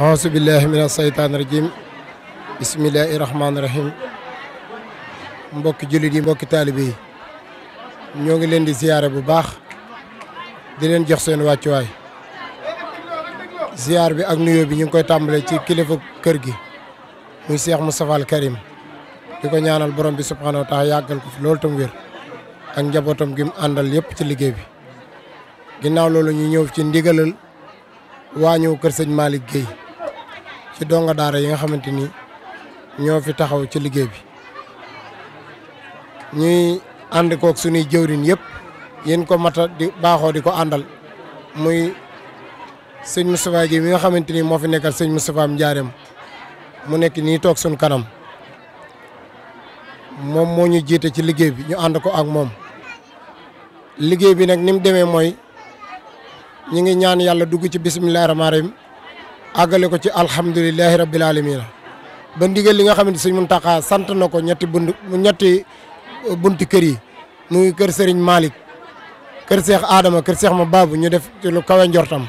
ahousubillahi mina seytaani rajim bisimillahi rahmaani rahim mbokki jullit yi mbokki taalibe yi ñoo ngi leen di ziyaare bu baax di leen jox seen wàccuwaay ziyaar bi ak nuyoo bi ñu ngi koy tàmbale ci kilifa kër gi muy Cheikh Moustapha al Karim di ko ñaanal borom bi subhaanahu wa taala yàggal ko fi loolu tam wér ak njabootam gi mu àndal yëpp ci liggéey bi ginnaaw loolu ñu ñëw ci ndigalal waañu kër sëñ Malick Guèye ci donga daara yi nga xamante ni ñoo fi taxaw ci liggéey bi ñuy ànd kook suñuy jëwrin yëpp yéen ko mata di baaxoo di ko àndal muy sëñ Moustapha gi mi nga xamante ni moo fi nekkal sëñ Moustapha Ndiarème mu nekk nii toog suñ kanam moom moo ñu jiite ci liggéey bi ñu ànd ko ak moom liggéey bi nag ni mu demee mooy ñu ngi ñaan yàlla dugg ci bisimilah rahmaani rahim àggale ko ci alhamdulilahi rabbil alamina ba ndigal li nga xamante sëñ Muntaxa sant na ko ñetti bunt ñetti uh, bunti kër yi muy kër sëriñ Malick kër Seex Adama kër Seex ma baabu ñu def ci lu kawe njortam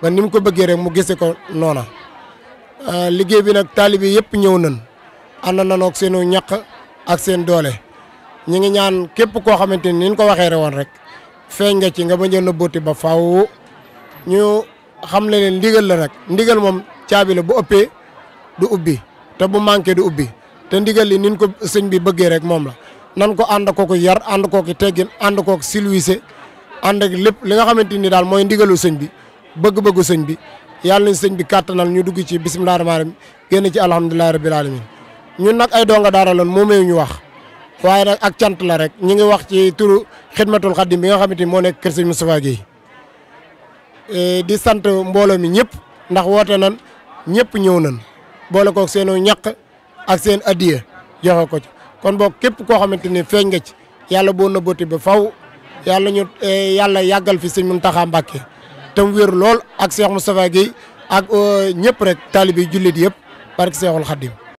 ba ni mu ko bëggee rek mu gisee ko noona uh, liggéey bi nag taalibe yëpp ñëw nañ ànd nañoo ak seenu ñaq ak seen doole ñu ngi ñaan képp koo xamante ni ñu ko waxeere woon rek feeñ nga ci nga bañ a nëbbooti ba faw ñu. xam le ne ndigal la nag ndigal moom caabi la bu ëppee du ubbi te bu manqué du ubbi te ndigal li nin ko sëñ bi bëggee rek moom la nan ko ànd ko ko yar ànd ko ko teggin ànd ko ko silwise ànd ak lépp li nga xamante ni daal mooy ndigalu sëñ bi bëgg-bëggu sëñ bi yàlla nañ sëñ bi kàttanal ñu dugg ci bisimilah rahmaani rahiim génn ci alhamdulilah rabil alamin ñun nag ay donga daara loon moomeew ñu wax waaye nag ak cant la rek ñu ngi wax ci turu xidmatul xaddim bi nga xamante ni moo nekk kër sëñ Moustapha Eh, di sant mboole mi ñëpp ndax woote nan ñëpp ñëw nan boole koog seenu ñaq ak seen addiya joxe ko ci kon boog képp koo xamante ni feeñ nga ci yàlla boo nëbbati ba faw yàlla ñu eh, yàlla yàggal fi taxa Muntaxa Mbàkke tam wér lool ak Cheikh mu Guèye ak eh, ñëpp rek taalibi jullit yëpp barke Seexul Xaddim